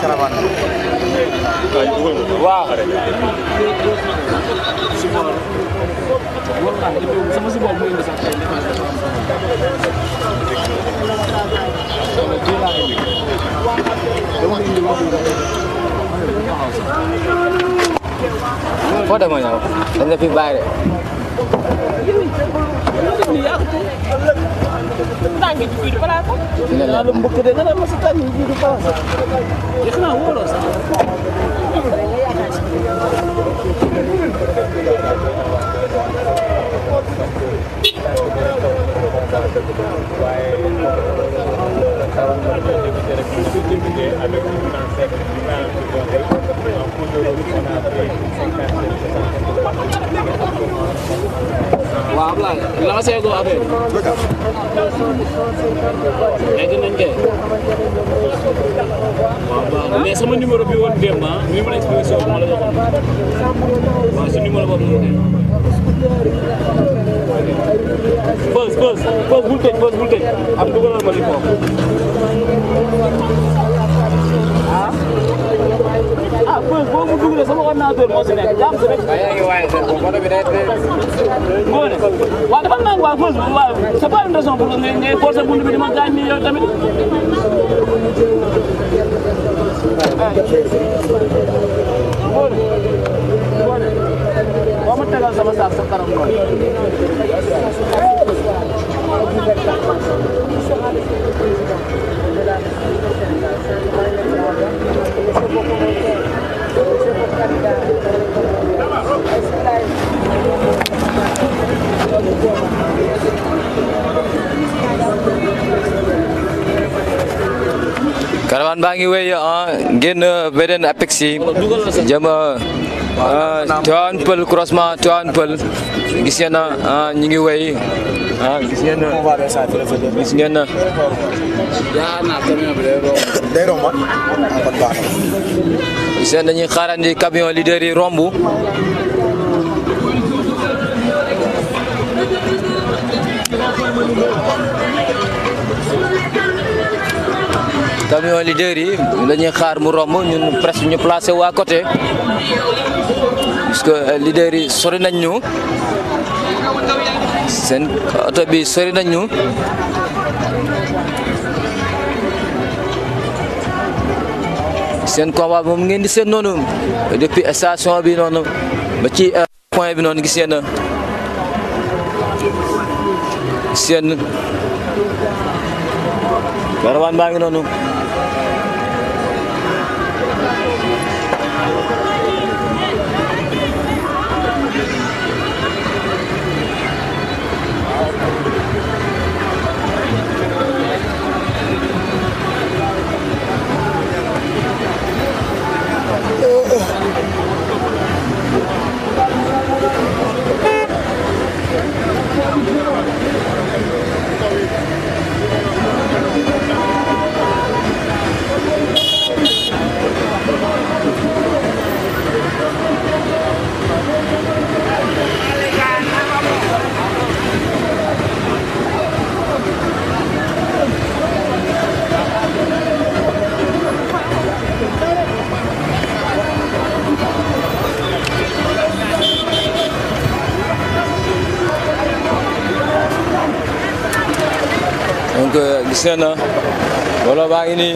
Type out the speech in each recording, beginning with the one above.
caravane bi. waaw. foo demoon yow dañ la fi bàyyi de. tànk ji fii du palaasa. nee naa la mbëkk de dana mos a tànk ji du palaasa. yéex naa wóoroo sax. waaye lancé go affaire egg nañ kay waaw waaw mais bi woon démb ah numéro exposition bi ma la joxoon waaw su numéro boobu noonu bës bës bës bul tëj bës bul tëj am dugalal ma li foofu SMS boo mu dugalee sama ordinateur moo si nekk jàmm si rek. ngoone waaw dafa naan waaw foofu waaw c'est pas une raison pour ngay ngay forcer bunt bi di ma gaañ nii yow tamit. ngoone ngoone boo ma tegal sama saaf sa kanam noonu. Karavan bangi we ya gen beden apexi jama tuan pel cross ma tuan pel gisiana ah, nyingi we ah, gisiana ya na termina bro dero ma apa seen dañuy xaarandi camion leader yi romb camion leader yi dañuy xaar mu romb ñun presque ñu placé waa côté parce que euh, leader yi sori nañ ñu seen oto bi sori nañ ñu seen combat mu ngeen di seen noonu depuis station bi noonu ba ci euh, point bi noonu gis ngeen seen karawaan baa ngi noonu donc euh, gis na wala baa ngi nii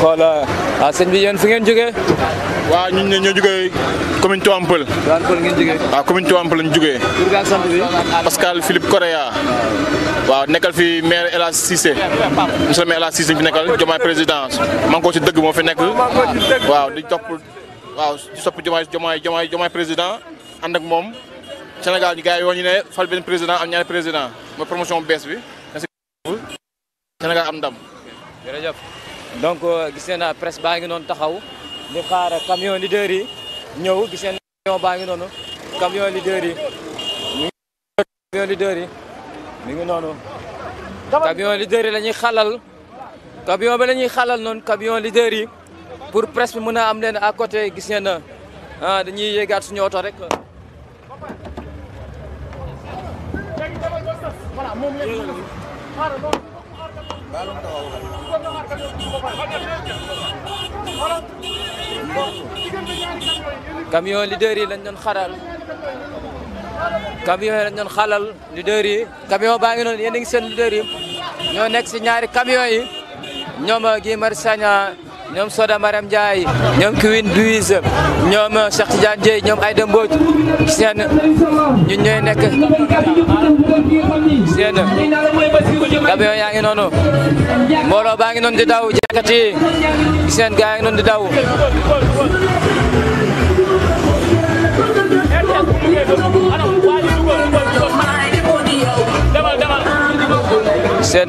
xool euh, sëñ bi yéen fi ngeen jógee. waaw ñu ñoo jógee commune Tivaouane Peulh. Tivaouane Peulh ngeen jógee. waaw commune Tivaouane Peulh lañ jógee. tur gaal sant bi. Pascal Philippe Correa. waaw nekkal fi maire El Hadj Cissé monsieur le maire El Hadj Cissé fi nekkal Diomaye président maa ngi ko ci dëgg moo fi nekk. waaw di topp waaw di topp Diomaye Diomaye Diomaye Diomaye président ànd ak moom Sénégal ñu gars yi ñu ne fal benn président am ñaari président mooy promotion bees bi. Sénégal am ndam. jërëjëf donc euh, gis na presse baa ngi noonu taxaw di xaar camion leader yi ñëw gis ngeen camion baa ngi noonu camion leader yi camion leader yi mi ngi noonu camion leader yi la ñuy xalal camion bi la xalal noonu camion leader yi pour presse bi mën am leen à côté gis na ah dañuy yéegaat suñu oto rek. voilà moom camion leader yi lañ doon xaral camion yi lañ doon xalal leader yi camion baa ngi noonu yéen a ngi seen leader yi ñoo nekk si ñaari camion yi ñoom Guy Marius Sagna ñoom Soda Mariam Ndiaye ñoom Kiwin Louise ñoom euh, Cheikh Tidiane Dieye ñoom Aïda Mbodj seen ñun ñooy nekk seen camion yaa ngi noonu mbooloo baa ngi noonu di daw jàkkat yi seen gaa ngi noonu di daw seen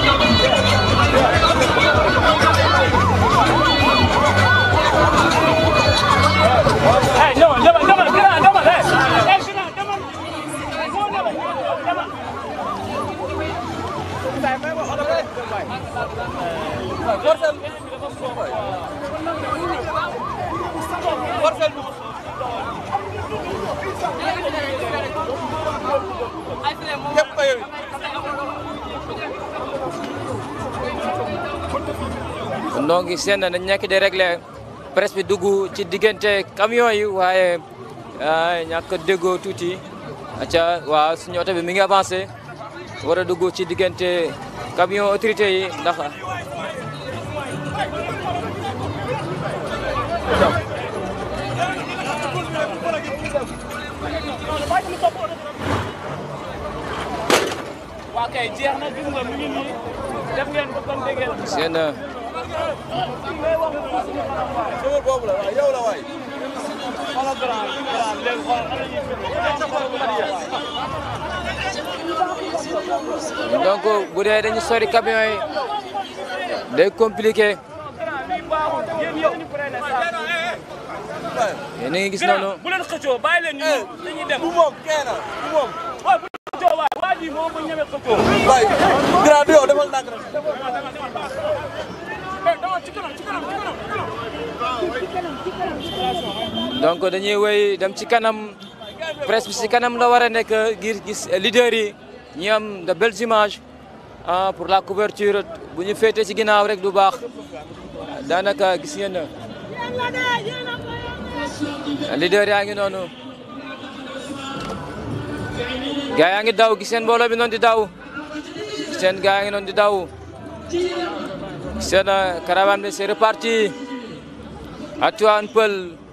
Forcel Forcel dugg képp ko yow noo ngi dañ nekk di régler presse dugg ci diggante camion yi waaye ah, ñàkk déggoo tuuti ca waa si oto bi mi ngi avancé war a dugg ci diggante camion autorité yi ndax la mi ngi nii def ngeen euh, camion compliqué. gis bu ñu dem eh, bu bu waaye grand yow defal ndànk rek. Eh, donc dañuy wéy dem ci kanam presse kanam la war a nekk ngir gis leader yi ñi am ah, pour la couverture bu ñu féetee ci ginnaaw rek du baax daanaka gis ngeen leader yaa noonu. Gaya ngi daw kisen bola bi non di daw. Kisen gaya ngi non di daw. Kisen karawan bi se reparti. Atuan pel